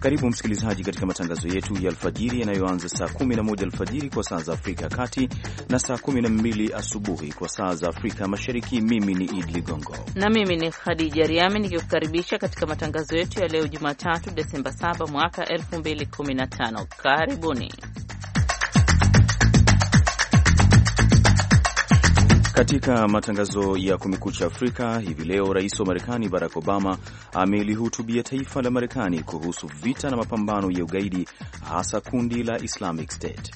Karibu msikilizaji katika matangazo yetu ya alfajiri yanayoanza saa 11 alfajiri kwa saa za Afrika ya Kati na saa 12 asubuhi kwa saa za Afrika Mashariki. Mimi ni Idi Ligongo na mimi ni Khadija Riami nikikukaribisha katika matangazo yetu ya leo Jumatatu, Desemba 7 mwaka 2015. Karibuni. Katika matangazo ya Kumekucha Afrika hivi leo, rais wa Marekani Barack Obama amelihutubia taifa la Marekani kuhusu vita na mapambano ya ugaidi, hasa kundi la Islamic State.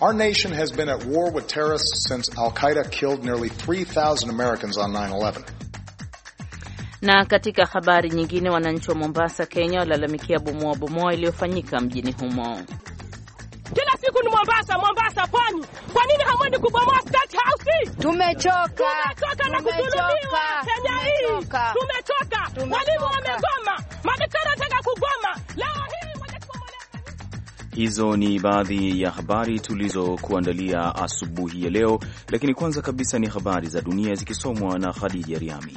Our nation has been at war with terrorists since Al-Qaeda killed nearly 3,000 Americans on 9/11. Na katika habari nyingine, wananchi wa Mombasa, Kenya walalamikia bomoa bomoa iliyofanyika mjini humo. Kila huku ni Mombasa, Mombasa pwani. Kwa nini hamwendi kubomoa State House? Tumechoka, tumechoka na kudhulumiwa Kenya hii, tumechoka. Walimu wamegoma, madaktari wanataka kugoma leo hii. Hizo ni baadhi ya habari tulizokuandalia asubuhi ya leo, lakini kwanza kabisa ni habari za dunia zikisomwa na Khadija Riami.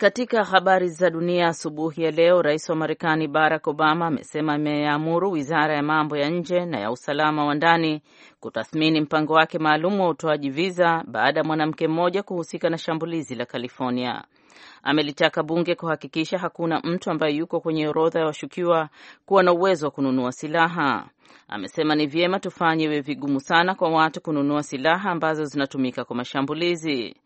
Katika habari za dunia asubuhi ya leo, rais wa Marekani Barack Obama amesema ameamuru wizara ya mambo ya nje na ya usalama wa ndani kutathmini mpango wake maalum wa utoaji viza baada ya mwanamke mmoja kuhusika na shambulizi la California. Amelitaka bunge kuhakikisha hakuna mtu ambaye yuko kwenye orodha ya washukiwa kuwa na uwezo wa kununua silaha. Amesema ni vyema tufanye iwe vigumu sana kwa watu kununua silaha ambazo zinatumika kwa mashambulizi.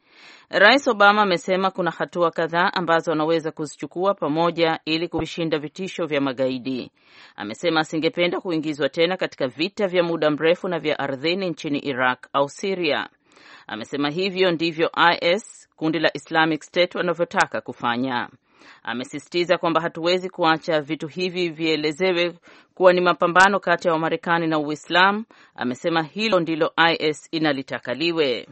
Rais Obama amesema kuna hatua kadhaa ambazo anaweza kuzichukua pamoja ili kuvishinda vitisho vya magaidi. Amesema asingependa kuingizwa tena katika vita vya muda mrefu na vya ardhini nchini Iraq au Siria. Amesema hivyo ndivyo IS, kundi la Islamic State, wanavyotaka kufanya. Amesisitiza kwamba hatuwezi kuacha vitu hivi vielezewe kuwa ni mapambano kati ya Wamarekani na Uislamu. Amesema hilo ndilo IS inalitaka liwe.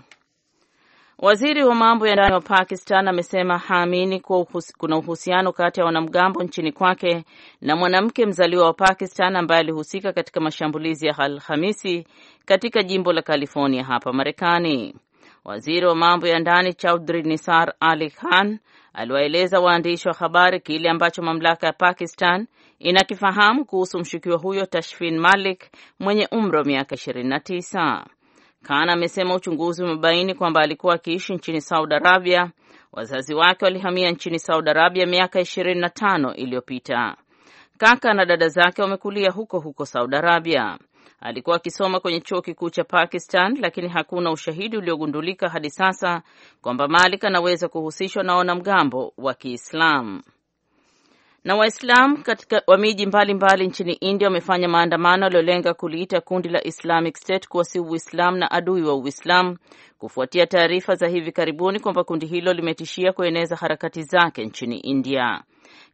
Waziri wa mambo ya ndani wa Pakistan amesema haamini kuwa kuna uhusiano kati ya wanamgambo nchini kwake na mwanamke mzaliwa wa Pakistan ambaye alihusika katika mashambulizi ya Alhamisi katika jimbo la California hapa Marekani. Waziri wa mambo ya ndani Chaudhry Nisar Ali Khan aliwaeleza waandishi wa habari kile ambacho mamlaka ya Pakistan inakifahamu kuhusu mshukiwa huyo Tashfin Malik mwenye umri wa miaka 29. Khan amesema uchunguzi umebaini kwamba alikuwa akiishi nchini Saudi Arabia. Wazazi wake walihamia nchini Saudi Arabia miaka 25 iliyopita. Kaka na dada zake wamekulia huko huko Saudi Arabia. Alikuwa akisoma kwenye chuo kikuu cha Pakistan, lakini hakuna ushahidi uliogundulika hadi sasa kwamba Malik anaweza kuhusishwa na wanamgambo wa Kiislamu na Waislamu wa miji mbalimbali nchini India wamefanya maandamano yaliyolenga kuliita kundi la Islamic State kuwa si Uislamu na adui wa Uislamu kufuatia taarifa za hivi karibuni kwamba kundi hilo limetishia kueneza harakati zake nchini India.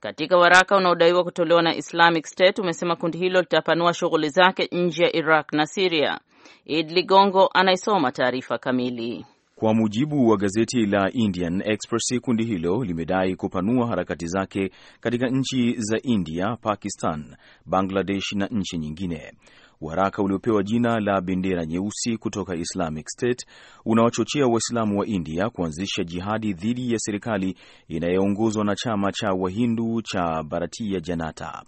Katika waraka unaodaiwa kutolewa na Islamic State umesema kundi hilo litapanua shughuli zake nje ya Iraq na Siria. Id gongo anaisoma taarifa kamili. Kwa mujibu wa gazeti la Indian Express, kundi hilo limedai kupanua harakati zake katika nchi za India, Pakistan, Bangladesh na nchi nyingine. Waraka uliopewa jina la bendera nyeusi kutoka Islamic State unawachochea Waislamu wa India kuanzisha jihadi dhidi ya serikali inayoongozwa na chama cha Wahindu cha Bharatiya Janata.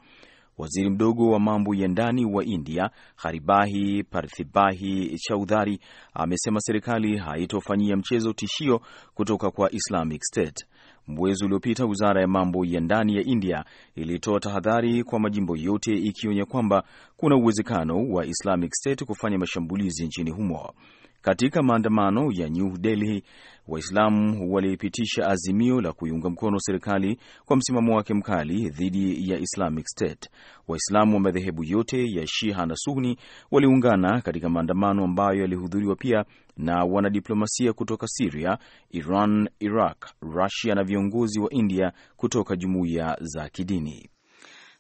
Waziri mdogo wa mambo ya ndani wa India Haribahi Parthibahi Chaudhari amesema serikali haitofanyia mchezo tishio kutoka kwa Islamic State. Mwezi uliopita wizara ya mambo ya ndani ya India ilitoa tahadhari kwa majimbo yote ikionya kwamba kuna uwezekano wa Islamic State kufanya mashambulizi nchini humo. Katika maandamano ya New Delhi, Waislamu walipitisha azimio la kuiunga mkono serikali kwa msimamo wake mkali dhidi ya Islamic State. Waislamu wa madhehebu yote ya Shiha na Sunni waliungana katika maandamano ambayo yalihudhuriwa pia na wanadiplomasia kutoka Siria, Iran, Iraq, Rusia na viongozi wa India kutoka jumuiya za kidini.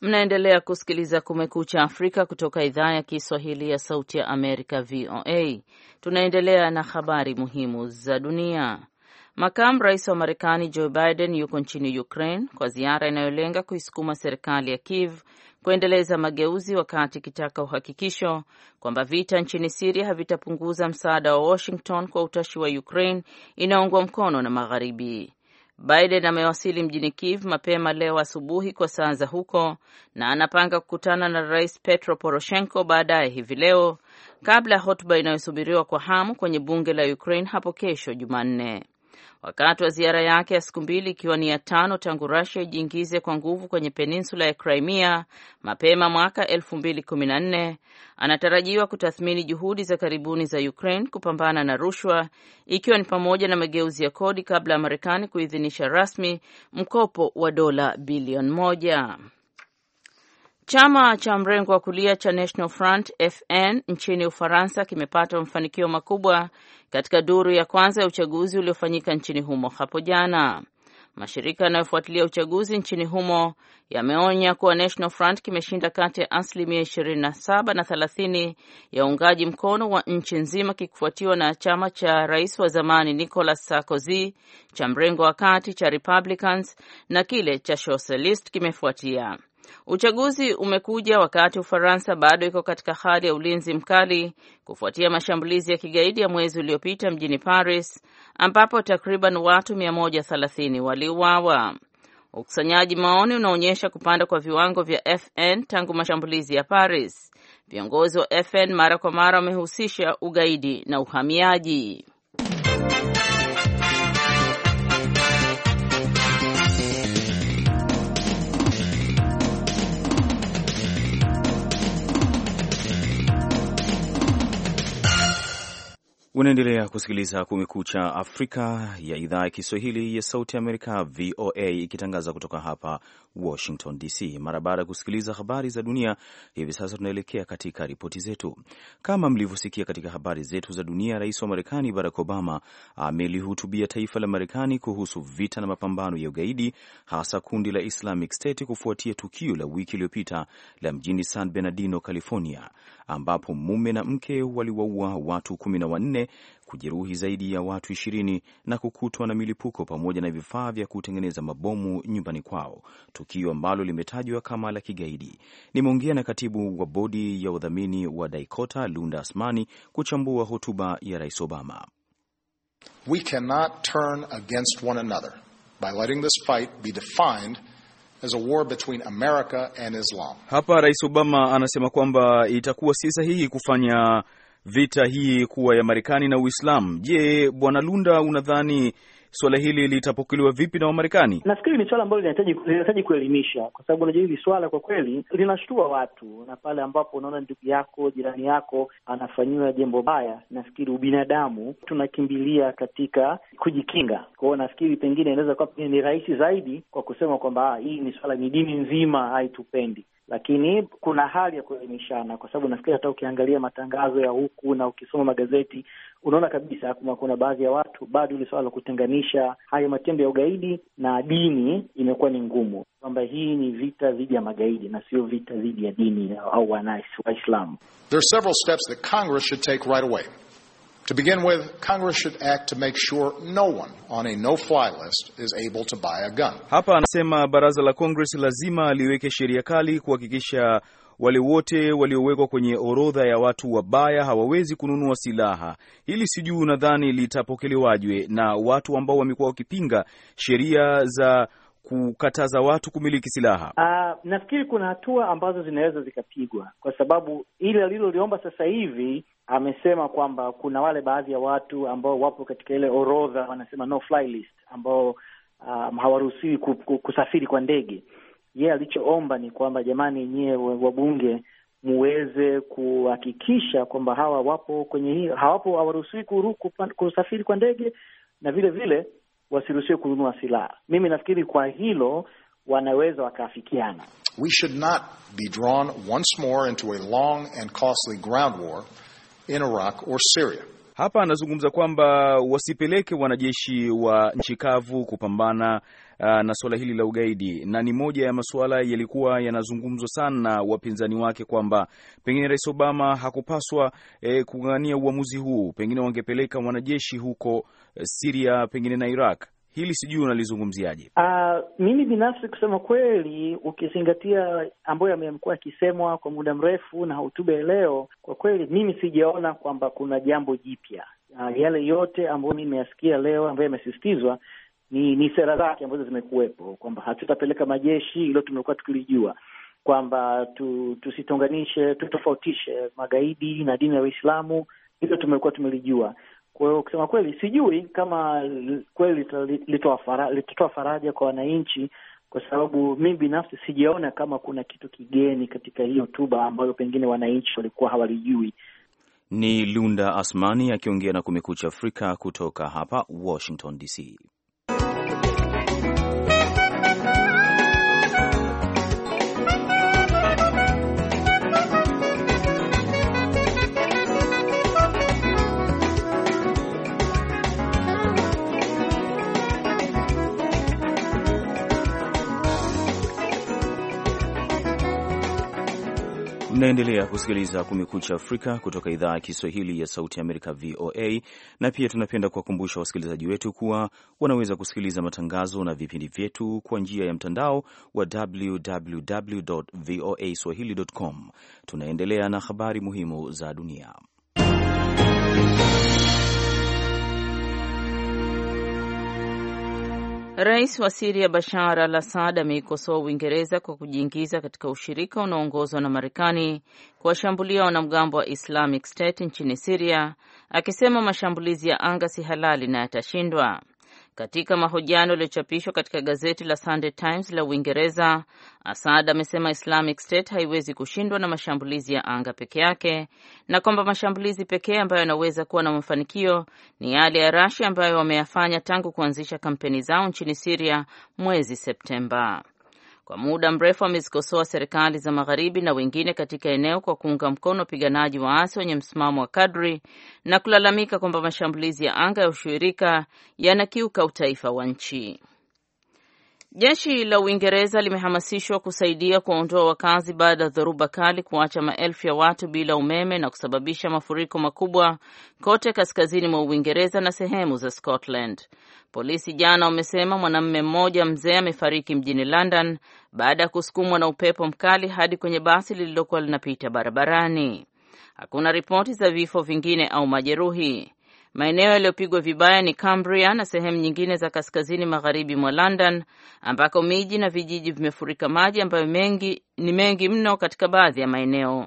Mnaendelea kusikiliza Kumekucha Afrika kutoka idhaa ya Kiswahili ya Sauti ya Amerika, VOA. Tunaendelea na habari muhimu za dunia. Makamu rais wa Marekani Joe Biden yuko nchini Ukraine kwa ziara inayolenga kuisukuma serikali ya Kiev kuendeleza mageuzi, wakati ikitaka uhakikisho kwamba vita nchini Siria havitapunguza msaada wa Washington kwa utashi wa Ukraine inaungwa mkono na Magharibi. Biden amewasili mjini Kiev mapema leo asubuhi kwa saa za huko na anapanga kukutana na Rais Petro Poroshenko baadaye hivi leo kabla ya hotuba inayosubiriwa kwa hamu kwenye bunge la Ukraine hapo kesho Jumanne wakati wa ziara yake ya siku mbili ikiwa ni ya tano tangu rasia ijiingize kwa nguvu kwenye peninsula ya Crimea mapema mwaka 2014. Anatarajiwa kutathmini juhudi za karibuni za Ukraine kupambana na rushwa ikiwa ni pamoja na mageuzi ya kodi kabla ya Marekani kuidhinisha rasmi mkopo wa dola bilioni moja. Chama cha mrengo wa kulia cha National Front FN nchini Ufaransa kimepata mafanikio makubwa katika duru ya kwanza ya uchaguzi uliofanyika nchini humo hapo jana. Mashirika yanayofuatilia uchaguzi nchini humo yameonya kuwa National Front kimeshinda kati ya asilimia 27 na 30 ya uungaji mkono wa nchi nzima, kikifuatiwa na chama cha rais wa zamani Nicolas Sarkozy cha mrengo wa kati cha Republicans na kile cha Socialist kimefuatia. Uchaguzi umekuja wakati Ufaransa bado iko katika hali ya ulinzi mkali kufuatia mashambulizi ya kigaidi ya mwezi uliopita mjini Paris ambapo takriban watu 130 waliuawa. Ukusanyaji maoni unaonyesha kupanda kwa viwango vya FN tangu mashambulizi ya Paris. Viongozi wa FN mara kwa mara wamehusisha ugaidi na uhamiaji. Unaendelea kusikiliza Kumekucha Afrika ya idhaa ya Kiswahili ya Sauti Amerika, VOA, ikitangaza kutoka hapa Washington DC. Mara baada ya kusikiliza habari za dunia, hivi sasa tunaelekea katika ripoti zetu. Kama mlivyosikia katika habari zetu za dunia, rais wa Marekani Barack Obama amelihutubia taifa la Marekani kuhusu vita na mapambano ya ugaidi, hasa kundi la Islamic State, kufuatia tukio la wiki iliyopita la mjini San Bernardino, California, ambapo mume na mke waliwaua watu kumi na wanne kujeruhi zaidi ya watu ishirini na kukutwa na milipuko pamoja na vifaa vya kutengeneza mabomu nyumbani kwao, tukio ambalo limetajwa kama la kigaidi. Nimeongea na katibu wa bodi ya udhamini wa Daikota Lunda Asmani kuchambua hotuba ya Rais Obama. We cannot turn against one another by letting this fight be defined as a war between America and Islam. Hapa Rais Obama anasema kwamba itakuwa si sahihi kufanya vita hii kuwa ya Marekani na Uislamu. Je, Bwana Lunda, unadhani suala hili litapokelewa vipi na Wamarekani? Nafikiri ni swala ambalo linahitaji kuelimisha, kwa sababu unajua hili swala kwa kweli linashtua watu, na pale ambapo unaona ndugu yako, jirani yako anafanyiwa jambo baya, nafikiri ubinadamu tunakimbilia katika kujikinga. Kwa hiyo nafikiri pengine inaweza kuwa pengine ni rahisi zaidi kwa kusema kwamba ah, hii ni swala, ni dini nzima haitupendi lakini kuna hali ya kuelimishana, kwa sababu nafikiri hata ukiangalia matangazo ya huku na ukisoma magazeti unaona kabisa kuna, kuna baadhi ya watu bado hili swala la kutenganisha haya matendo ya ugaidi na dini imekuwa ni ngumu, kwamba hii ni vita dhidi ya magaidi na sio vita dhidi ya dini au Waislamu. There are several steps that Congress should take right away. To begin with, Congress should act to make sure no one on a no-fly list is able to buy a gun. Hapa anasema baraza la Congress lazima liweke sheria kali kuhakikisha wale wote waliowekwa kwenye orodha ya watu wabaya hawawezi kununua silaha. Hili sijui, nadhani litapokelewaje na watu ambao wamekuwa wakipinga sheria za kukataza watu kumiliki silaha? Uh, nafikiri kuna hatua ambazo zinaweza zikapigwa, kwa sababu ile aliloliomba sasa hivi amesema kwamba kuna wale baadhi ya watu ambao wapo katika ile orodha wanasema no fly list, ambao um, hawaruhusiwi kusafiri kwa ndege. Ye yeah, alichoomba ni kwamba jamani, nyie wabunge muweze kuhakikisha kwamba hawa wapo kwenye hii, hawapo hawaruhusiwi kusafiri kwa ndege na vile vile wasiruhusiwe kununua silaha. Mimi nafikiri kwa hilo wanaweza wakaafikiana. We should not be drawn once more into a long and costly ground war in Iraq or Syria. Hapa anazungumza kwamba wasipeleke wanajeshi wa nchi kavu kupambana Ah, na suala hili la ugaidi, na ni moja ya masuala yalikuwa yanazungumzwa sana na wapinzani wake kwamba pengine Rais Obama hakupaswa e, kung'ang'ania uamuzi huu, pengine wangepeleka wanajeshi huko eh, Siria pengine na Iraq. Hili sijui unalizungumziaje? Uh, mimi binafsi kusema kweli, ukizingatia ambayo yamekuwa yakisemwa kwa muda mrefu na hotuba ya leo, kwa kweli mimi sijaona kwamba kuna jambo jipya. Uh, yale yote ambayo mimi nimeyasikia leo ambayo yamesisitizwa ni ni sera zake ambazo zimekuwepo kwamba hatutapeleka majeshi, hilo tumekuwa tukilijua kwamba tu, tusitonganishe tutofautishe magaidi na dini ya Uislamu, hilo tumekuwa tumelijua. Kwa hiyo kusema kweli, sijui kama kweli litatoa faraja kwa wananchi, kwa sababu mi binafsi sijaona kama kuna kitu kigeni katika hii hotuba ambayo pengine wananchi walikuwa hawalijui. Ni Lunda Asmani akiongea na Kumekucha Afrika kutoka hapa Washington DC. Mnaendelea kusikiliza Kumekucha Afrika kutoka idhaa ya Kiswahili ya Sauti ya Amerika, VOA. Na pia tunapenda kuwakumbusha wasikilizaji wetu kuwa wanaweza kusikiliza matangazo na vipindi vyetu kwa njia ya mtandao wa www voa swahili com. Tunaendelea na habari muhimu za dunia. Rais wa Siria Bashar al Assad ameikosoa Uingereza kwa kujiingiza katika ushirika unaoongozwa na Marekani kuwashambulia wanamgambo wa Islamic State nchini Siria, akisema mashambulizi ya anga si halali na yatashindwa. Katika mahojiano yaliyochapishwa katika gazeti la Sunday Times la Uingereza, Assad amesema Islamic State haiwezi kushindwa na mashambulizi ya anga peke yake na kwamba mashambulizi pekee ambayo yanaweza kuwa na mafanikio ni yale ya Russia ambayo wameyafanya tangu kuanzisha kampeni zao nchini Syria mwezi Septemba. Kwa muda mrefu amezikosoa serikali za magharibi na wengine katika eneo kwa kuunga mkono wapiganaji waasi wenye msimamo wa kadri na kulalamika kwamba mashambulizi ya anga ya ushirika yanakiuka utaifa wa nchi. Jeshi la Uingereza limehamasishwa kusaidia kuwaondoa wakazi baada ya dhoruba kali kuacha maelfu ya watu bila umeme na kusababisha mafuriko makubwa kote kaskazini mwa Uingereza na sehemu za Scotland. Polisi jana wamesema mwanamume mmoja mzee amefariki mjini London baada ya kusukumwa na upepo mkali hadi kwenye basi lililokuwa linapita barabarani. Hakuna ripoti za vifo vingine au majeruhi. Maeneo yaliyopigwa vibaya ni Cambria na sehemu nyingine za kaskazini magharibi mwa London ambako miji na vijiji vimefurika maji ambayo mengi, ni mengi mno katika baadhi ya maeneo.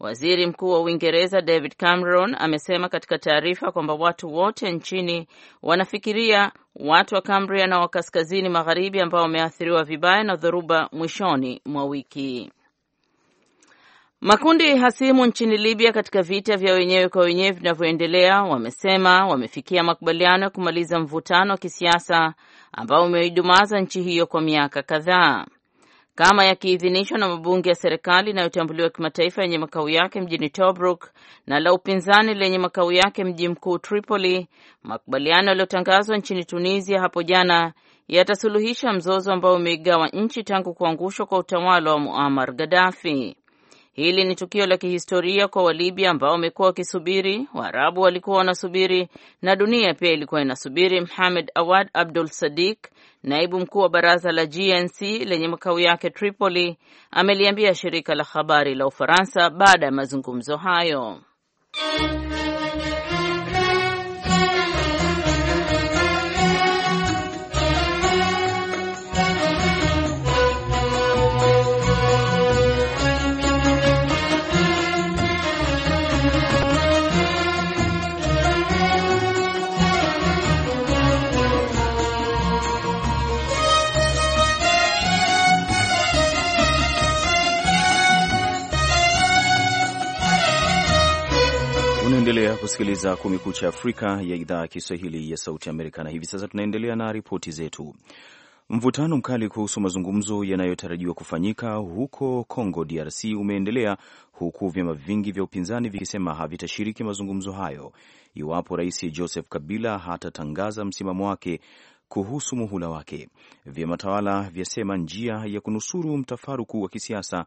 Waziri Mkuu wa Uingereza David Cameron amesema katika taarifa kwamba watu wote nchini wanafikiria watu wa Cambria na wa kaskazini magharibi ambao wameathiriwa vibaya na dhoruba mwishoni mwa wiki. Makundi hasimu nchini Libya katika vita vya wenyewe kwa wenyewe vinavyoendelea wamesema wamefikia makubaliano ya kumaliza mvutano wa kisiasa ambao umeidumaza nchi hiyo kwa miaka kadhaa. Kama yakiidhinishwa na mabunge ya serikali inayotambuliwa kimataifa yenye makao yake mjini Tobruk na la upinzani lenye makao yake mji mkuu Tripoli, makubaliano yaliyotangazwa nchini Tunisia hapo jana yatasuluhisha mzozo ambao umeigawa nchi tangu kuangushwa kwa utawala wa Muammar Gaddafi. Hili ni tukio la kihistoria kwa Walibya ambao wamekuwa wakisubiri, Waarabu walikuwa wanasubiri na dunia pia ilikuwa inasubiri. Mohamed Awad Abdul sadik naibu mkuu wa baraza la GNC lenye makao yake Tripoli, ameliambia shirika la habari la Ufaransa baada ya mazungumzo hayo. Unaendelea kusikiliza Kumekucha Afrika ya idhaa ya Kiswahili ya Sauti Amerika, na hivi sasa tunaendelea na ripoti zetu. Mvutano mkali kuhusu mazungumzo yanayotarajiwa kufanyika huko Congo DRC umeendelea huku vyama vingi vya upinzani vikisema havitashiriki mazungumzo hayo iwapo Rais Joseph Kabila hatatangaza msimamo wake kuhusu muhula wake. Vyama tawala vyasema njia ya kunusuru mtafaruku wa kisiasa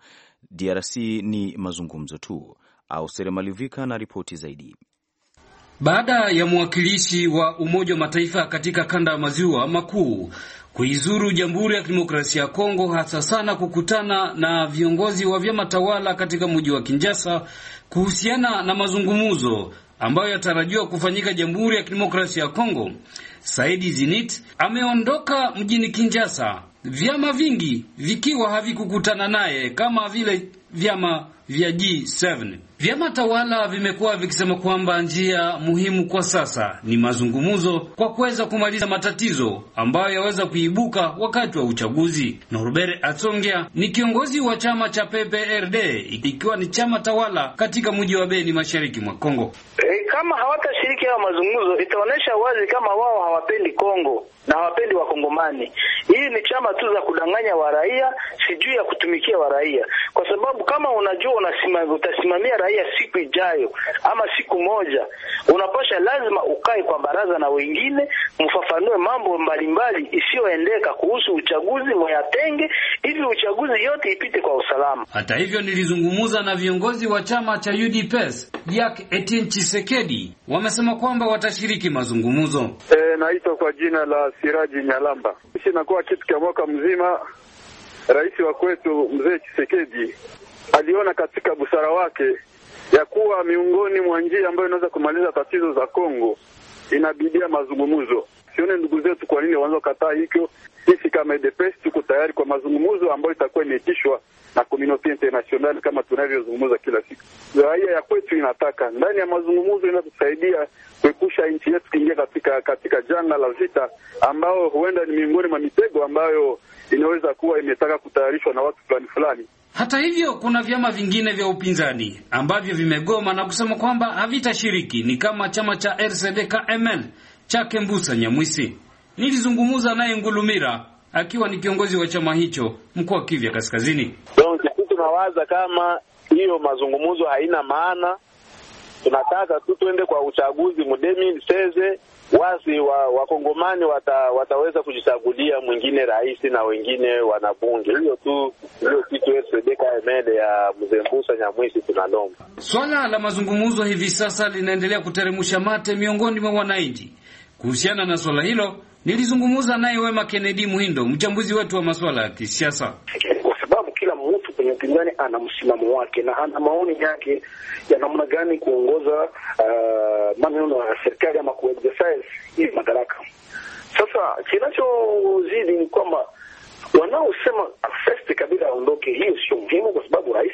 DRC ni mazungumzo tu. Austere Malivika na ripoti zaidi. Baada ya mwakilishi wa Umoja wa Mataifa katika kanda ya maziwa makuu kuizuru Jamhuri ya Kidemokrasia ya Kongo, hasa sana kukutana na viongozi wa vyama tawala katika mji wa kinjasa kuhusiana na mazungumzo ambayo yatarajiwa kufanyika Jamhuri ya Kidemokrasia ya Kongo, Saidi Zinit ameondoka mjini kinjasa vyama vingi vikiwa havikukutana naye kama vile vyama vya G7. Vyama tawala vimekuwa vikisema kwamba njia muhimu kwa sasa ni mazungumzo kwa kuweza kumaliza matatizo ambayo yaweza kuibuka wakati wa uchaguzi. Norbert Atsongia ni kiongozi wa chama cha PPRD ikiwa ni chama tawala katika mji wa Beni mashariki mwa Kongo. E, kama hawata kushiriki hayo mazungumzo itaonyesha wazi kama wao hawapendi Kongo na hawapendi Wakongomani. Hii ni chama tu za kudanganya waraia, sijui ya kutumikia waraia, kwa sababu kama unajua unasimamia, utasimamia raia siku ijayo ama siku moja, unapasha lazima ukae kwa baraza na wengine mfafanue mambo mbalimbali isiyoendeka kuhusu uchaguzi, mwayatenge ili uchaguzi yote ipite kwa usalama. Hata hivyo, nilizungumza na viongozi wa chama cha UDPS Jack Etienne Chisekedi, wamesema kwamba watashiriki mazungumzo. E, naitwa kwa jina la Siraji Nyalamba. Sisi nakuwa kitu kya mwaka mzima. Rais wa kwetu mzee Chisekedi aliona katika busara wake ya kuwa miongoni mwa njia ambayo inaweza kumaliza tatizo za Kongo inabidia mazungumzo. Sione ndugu zetu, kwa nini wanaweza kukataa hicho? Sisi kama EDPS tuko tayari kwa mazungumzo ambayo itakuwa imeitishwa na community international, kama tunavyozungumza kila siku. Raia ya kwetu inataka ndani ya mazungumzo inatusaidia kuepusha nchi yetu kuingia katika katika janga la vita, ambao huenda ni miongoni mwa mitego ambayo inaweza kuwa imetaka kutayarishwa na watu fulani fulani. Hata hivyo, kuna vyama vingine vya upinzani ambavyo vimegoma na kusema kwamba havitashiriki ni kama chama cha RCD-KML chake Mbusa Nyamwisi. Nilizungumza naye Ngulumira akiwa ni kiongozi wa chama hicho mkoa wa Kivu Kaskazini. sisi tunawaza kama hiyo mazungumzo haina maana, tunataka tu twende kwa uchaguzi mu 2016 wazi wa wakongomani wata, wataweza kujichagulia mwingine rais na wengine wanabunge. Hiyo tu hiyo kitu fcd ya Mzembusa Nyamwisi tunalomba. Swala la mazungumzo hivi sasa linaendelea kuteremusha mate miongoni mwa wananchi. Kuhusiana na swala hilo, nilizungumza naye Wema Kennedy Muhindo, mchambuzi wetu wa masuala ya kisiasa mwenye upinzani ana msimamo wake na ana maoni yake ya namna gani kuongoza uh, maneno ya serikali ama kuexercise hii madaraka. Sasa kinachozidi ni kwamba wanaosema first Kabila aondoke, hiyo sio muhimu, kwa sababu rais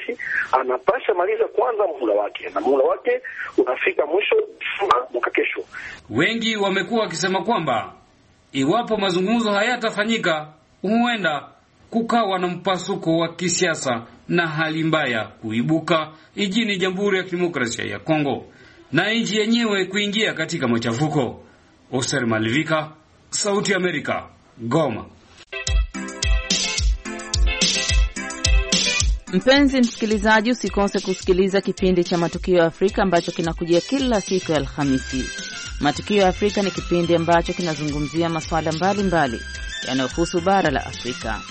anapasha maliza kwanza muhula wake, na muhula wake unafika mwisho Desemba mwaka kesho. Wengi wamekuwa wakisema kwamba iwapo mazungumzo hayatafanyika huenda kukawa na mpasuko wa kisiasa na hali mbaya kuibuka nchini Jamhuri ya Kidemokrasia ya Kongo na nchi yenyewe kuingia katika machafuko. Oser Malivika, Sauti ya Amerika, Goma. Mpenzi msikilizaji, usikose kusikiliza kipindi cha Matukio ya Afrika ambacho kinakujia kila siku ya Alhamisi. Matukio ya Afrika ni kipindi ambacho kinazungumzia masuala mbalimbali yanayohusu bara la Afrika.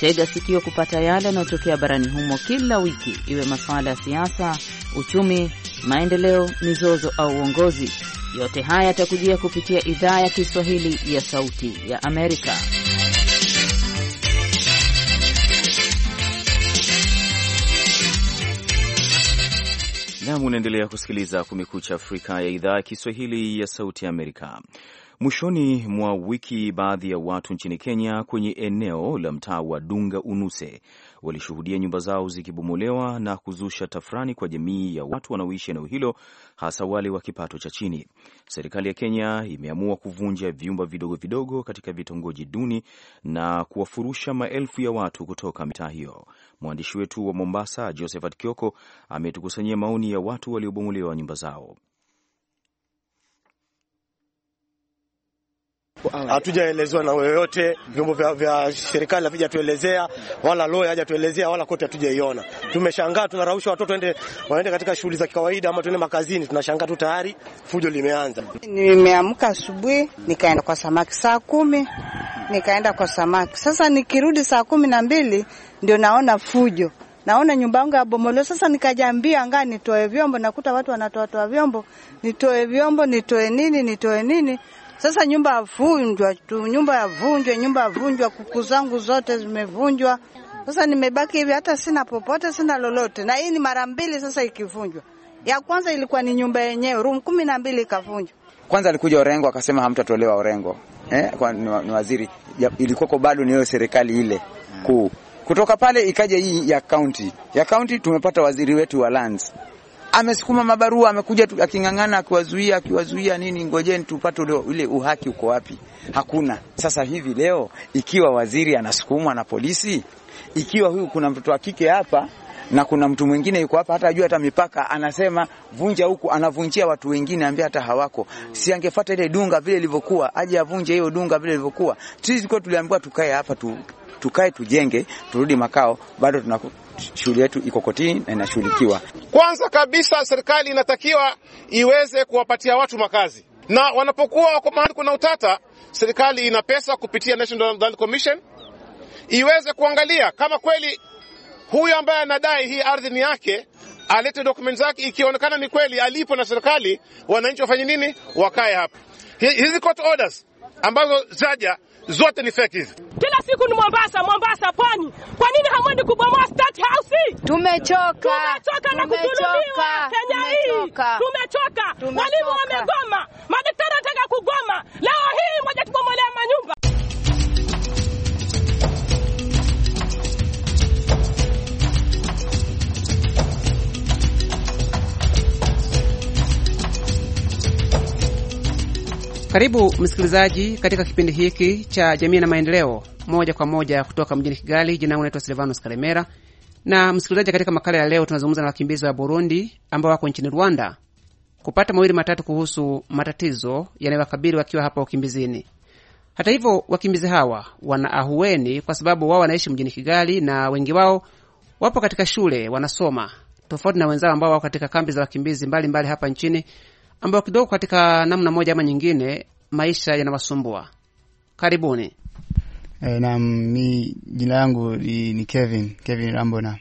Tega sikio kupata yale yanayotokea barani humo kila wiki, iwe masuala ya siasa, uchumi, maendeleo, mizozo au uongozi. Yote haya yatakujia kupitia idhaa ya Kiswahili ya Sauti ya Amerika. Nam, unaendelea kusikiliza Kumekucha Afrika ya idhaa ya Kiswahili ya Sauti ya Amerika. Mwishoni mwa wiki, baadhi ya watu nchini Kenya kwenye eneo la mtaa wa Dunga Unuse walishuhudia nyumba zao zikibomolewa na kuzusha tafrani kwa jamii ya watu wanaoishi eneo hilo, hasa wale wa kipato cha chini. Serikali ya Kenya imeamua kuvunja vyumba vidogo vidogo katika vitongoji duni na kuwafurusha maelfu ya watu kutoka mitaa hiyo. Mwandishi wetu wa Mombasa, Josephat Kioko, ametukusanyia maoni ya watu waliobomolewa nyumba zao. hatujaelezewa na yoyote, vyombo vya, vya serikali havijatuelezea wala loya hajatuelezea wala kote hatujaiona. Tumeshangaa, tunarausha watoto ende, waende katika shughuli za kawaida ama tuende makazini. Tunashangaa tu tayari fujo limeanza. Nimeamka asubuhi nikaenda kwa samaki saa kumi nikaenda kwa samaki. Sasa nikirudi saa kumi na mbili ndio naona fujo naona nyumba yangu yabomolewa. Sasa nikajaambia ngaa nitoe vyombo, nakuta watu wanatoatoa vyombo, nitoe vyombo, nitoe nini, nitoe nini sasa nyumba yavunjwa tu, nyumba yavunjwa, nyumba yavunjwa, kuku zangu zote zimevunjwa. Sasa nimebaki hivi, hata sina popote, sina lolote, na hii ni mara mbili sasa ikivunjwa. Ya kwanza ilikuwa ni nyumba yenyewe room kumi na mbili ikavunjwa. Kwanza alikuja Orengo akasema hamtatolewa Orengo eh, kwa, ni waziri kwa bado niyo serikali ile kuu. Kutoka pale ikaja hii ya kaunti, ya kaunti tumepata waziri wetu wa lands amesukuma mabarua, amekuja aking'ang'ana, akiwazuia, akiwazuia nini, ngojeni tupate ule uhaki uko wapi? Hakuna. Sasa hivi leo, ikiwa waziri anasukumwa na polisi, ikiwa huyu kuna mtoto wa kike hapa na kuna mtu mwingine yuko hapa, hata ajua hata mipaka, anasema vunja huku, anavunjia watu wengine ambia hata hawako. Si angefuata ile dunga vile ilivyokuwa, aje avunje hiyo dunga vile ilivyokuwa. Sisi kwa tuliambiwa tukae hapa tu, tukae tujenge, turudi makao, bado tunaku shughuli yetu iko kotini na inashughulikiwa. Kwanza kabisa, serikali inatakiwa iweze kuwapatia watu makazi, na wanapokuwa wako mahali kuna utata, serikali ina pesa kupitia National Land Commission iweze kuangalia kama kweli huyu ambaye anadai hii ardhi ni yake alete dokumenti zake. Ikionekana ni kweli alipo na serikali, wananchi wafanye nini? Wakae hapa. Hizi court orders ambazo zaja zote ni fake hizi. Kila siku ni Mombasa, Mombasa pwani. Kwa nini hamwendi kubomoa State House? Tumechoka. Tumechoka na kudhulumiwa Kenya hii. Tumechoka. Walimu wamegoma. Madaktari wanataka kugoma. Leo hii Karibu msikilizaji katika kipindi hiki cha jamii na maendeleo, moja kwa moja kutoka mjini Kigali. Jina langu naitwa Silvanus Karemera. Na msikilizaji, katika makala ya leo tunazungumza na wakimbizi wa Burundi ambao wako nchini Rwanda kupata mawili matatu kuhusu matatizo yanayowakabili wakiwa hapa ukimbizini. Hata hivyo, wakimbizi hawa wana ahueni kwa sababu wao wanaishi mjini Kigali na wengi wao wapo katika shule wanasoma, tofauti na wenzao ambao wako katika kambi za wakimbizi mbalimbali mbali hapa nchini ambayo kidogo katika namna moja ama nyingine maisha yanawasumbua. Karibuni. E, naam, mi jina langu ni, ni Kevin Kevin Rambona.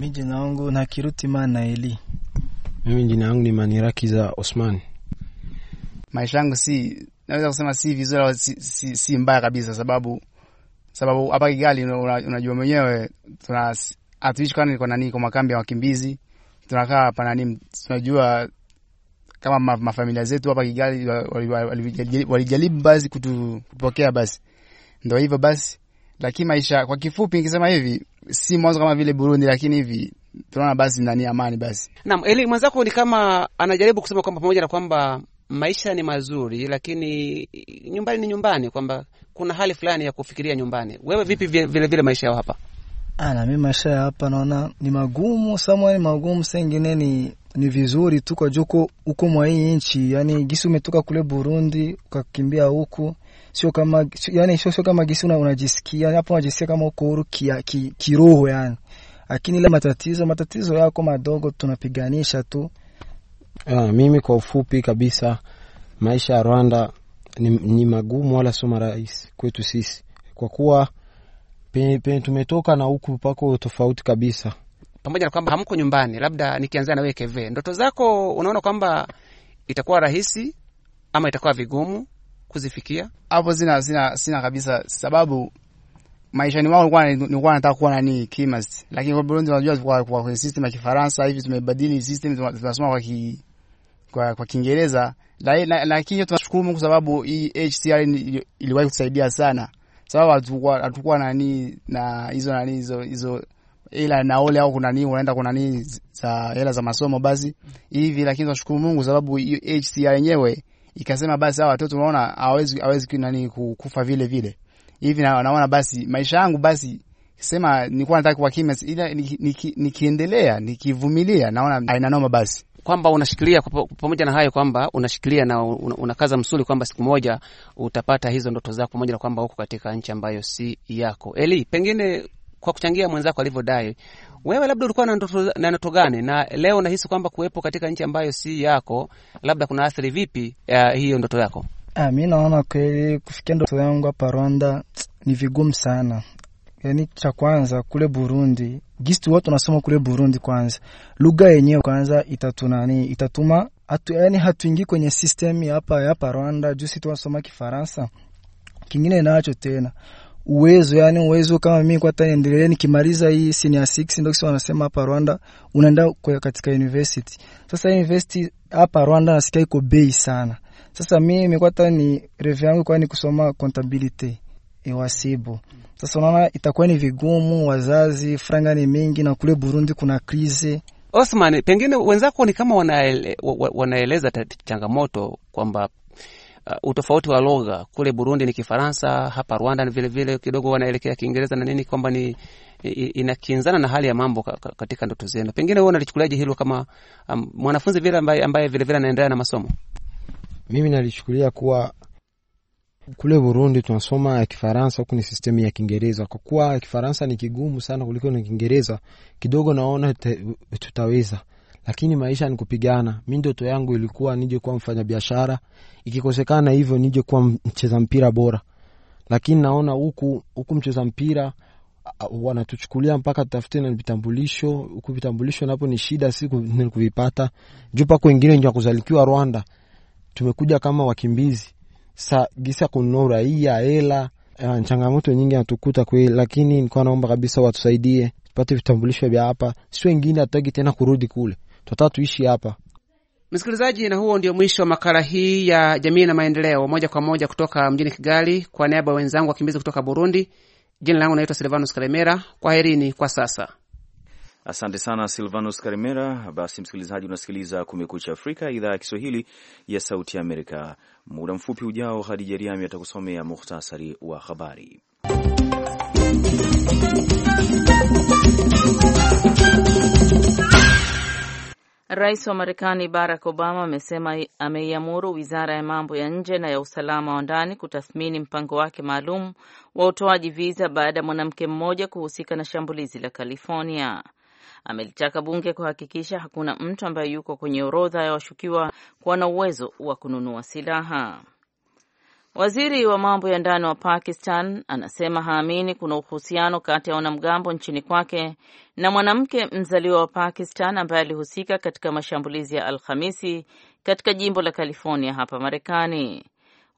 Mi jina langu na Mana Eli. Mimi jina langu ni Manirakiza Osman. Maisha yangu si naweza kusema si vizuri au si, si, si mbaya kabisa, sababu sababu hapa Kigali unajua mwenyewe tuna hatuishi kwa nani, kwa makambi ya wakimbizi tunakaa hapa nani, tunajua kama mafamilia zetu hapa Kigali walijaribu basi kutupokea basi, ndio hivyo basi. Lakini maisha kwa kifupi, nikisema hivi, si mwanzo kama vile Burundi, lakini hivi tunaona basi ndani amani basi. Naam, Eli mwenzako ni kama anajaribu kusema kwamba pamoja na kwamba maisha ni mazuri, lakini nyumbani ni nyumbani, kwamba kuna hali fulani ya kufikiria nyumbani. Wewe vipi vile vile maisha yao hapa? Ana mimi maisha ya hapa naona ni magumu, samwa ni magumu, sengine ni ni vizuri tu kwa juko huko mwa hii nchi, yani gisi umetoka kule Burundi ukakimbia huku, sio kama yani sio sio kama gisi unajisikia hapo, unajisikia kama uko huru ki, kiroho yani, lakini ile matatizo matatizo yako madogo tunapiganisha tu. Ah, mimi kwa ufupi kabisa maisha ya Rwanda ni, ni magumu wala sio marahisi kwetu sisi, kwa kuwa penye tumetoka na huku pako tofauti kabisa pamoja na kwamba hamko nyumbani. Labda nikianzia na wewe Keve, ndoto zako unaona kwamba itakuwa rahisi ama itakuwa vigumu kuzifikia? Hapo sina sina sina kabisa, sababu maishani mwangu nilikuwa nilikuwa nataka kuwa nani kimas, lakini kwa Burundi unajua kwa kwa system ya Kifaransa hivi tumebadili system, tunasoma kwa ki kwa kwa Kiingereza, lakini tunashukuru Mungu sababu hii HCR iliwahi kutusaidia sana, sababu hatukuwa hatukuwa nani na hizo nani hizo hizo ila naole au kuna nini unaenda kuna nini za hela za masomo basi hivi, lakini tunashukuru Mungu sababu HCR yenyewe ikasema basi hawa watoto unaona hawezi hawezi nani kufa vile vile hivi, naona basi maisha yangu basi sema nilikuwa nataka kwa kimya, ila nikiendelea niki, niki nikivumilia naona aina noma basi kwamba unashikilia pamoja na hayo kwamba unashikilia na unakaza msuli kwamba siku moja utapata hizo ndoto zako, pamoja na kwamba huko katika nchi ambayo si yako. Eli, pengine kwa kuchangia mwenzako alivyodai. Wewe labda ulikuwa na ndoto na ndoto gani, na leo unahisi kwamba kuwepo katika nchi ambayo si yako labda kuna athiri vipi ya hiyo ndoto yako? Ah, Mi naona kweli kufikia ndoto yangu hapa Rwanda ni vigumu sana. Yani cha kwanza kule Burundi gisi watu nasoma kule Burundi, kwanza lugha yenyewe kwanza itatunani itatuma hatu, yani hatuingii kwenye system hapa hapa Rwanda juu si tunasoma Kifaransa. Kingine nacho tena uwezo yani uwezo kama mimi kwa hata niendelee nikimaliza hii senior six ndio kisha wanasema hapa Rwanda unaenda katika university. Sasa university hapa Rwanda nasikia iko bei sana. Sasa mimi nimekuwa hata ni reve yangu kwa ni kusoma contability iwasibu. Sasa unaona itakuwa ni vigumu, wazazi franga ni mingi, na kule Burundi kuna krizi. Osman, pengine wenzako ni kama wanaele, wanaeleza changamoto kwamba uh, utofauti wa lugha. Kule Burundi ni Kifaransa, hapa Rwanda vile vile kidogo wanaelekea Kiingereza na nini, kwamba ni inakinzana na hali ya mambo katika ndoto zenu. Pengine wewe unalichukuliaje hilo kama um, mwanafunzi vile ambaye, ambaye vile vile anaendelea na masomo? Mimi nalichukulia kuwa kule Burundi tunasoma ya Kifaransa, huku ni sistemu ya Kiingereza. Kwa kuwa Kifaransa ni kigumu sana kuliko na Kiingereza kidogo, naona tutaweza lakini maisha ni kupigana. Mi ndoto yangu ilikuwa nije kuwa mfanya biashara, ikikosekana hivyo nije kuwa mcheza mpira bora, lakini naona huku huku mcheza mpira wanatuchukulia mpaka tutafute na vitambulisho huku. Vitambulisho napo ni shida, si kuvipata juu. Pako wengine ndio kuzalikiwa Rwanda, tumekuja kama wakimbizi, sa gisa kununua uraia, hela, changamoto nyingi anatukuta kweli, lakini nikuwa naomba kabisa watusaidie tupate vitambulisho vya hapa, si wengine hatutaki tena kurudi kule tutataka tuishi hapa. Msikilizaji, na huo ndio mwisho wa makala hii ya jamii na maendeleo, moja kwa moja kutoka mjini Kigali. Kwa niaba ya wenzangu wakimbizi kutoka Burundi, jina langu naitwa Silvanus Karemera. Kwaherini kwa sasa. Asante sana Silvanus Karimera. Basi msikilizaji, unasikiliza Kumekucha Afrika, idhaa ya Kiswahili ya Sauti ya Amerika. Muda mfupi ujao, Hadija Riami atakusomea muhtasari wa habari. Rais wa Marekani Barack Obama amesema ameiamuru wizara ya mambo ya nje na ya usalama wa ndani kutathmini mpango wake maalum wa utoaji viza baada ya mwanamke mmoja kuhusika na shambulizi la California. Amelitaka bunge kuhakikisha hakuna mtu ambaye yuko kwenye orodha ya washukiwa kuwa na uwezo wa kununua silaha. Waziri wa mambo ya ndani wa Pakistan anasema haamini kuna uhusiano kati ya wanamgambo nchini kwake na mwanamke mzaliwa wa Pakistan ambaye alihusika katika mashambulizi ya Alhamisi katika jimbo la California hapa Marekani.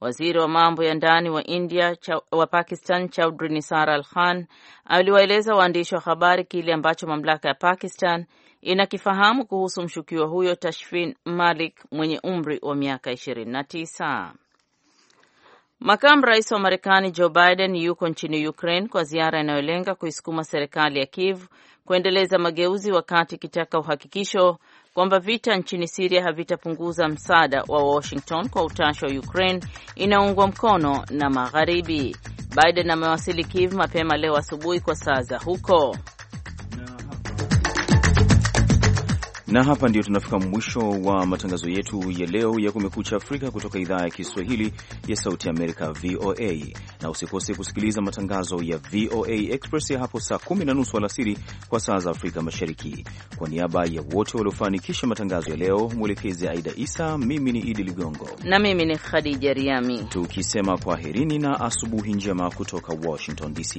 Waziri wa mambo ya ndani wa India cha, wa Pakistan Chaudhry Nisar Al Khan aliwaeleza waandishi wa habari kile ambacho mamlaka ya Pakistan inakifahamu kuhusu mshukiwa huyo Tashfin Malik mwenye umri wa miaka 29. Makamu rais wa Marekani Joe Biden yuko nchini Ukraine kwa ziara inayolenga kuisukuma serikali ya Kiev kuendeleza mageuzi, wakati ikitaka uhakikisho kwamba vita nchini Siria havitapunguza msaada wa Washington kwa utashi wa Ukraine inaungwa mkono na Magharibi. Biden amewasili Kiev mapema leo asubuhi kwa saa za huko. Na hapa ndio tunafika mwisho wa matangazo yetu ya leo ya Kumekucha Afrika kutoka idhaa ya Kiswahili ya Sauti Amerika, VOA. Na usikose kusikiliza matangazo ya VOA Express ya hapo saa kumi na nusu alasiri kwa saa za Afrika Mashariki. Kwa niaba ya wote waliofanikisha matangazo ya leo, mwelekezi Aida Isa, mimi ni Idi Ligongo na mimi ni Khadija Riami, tukisema kwaherini na asubuhi njema kutoka Washington DC.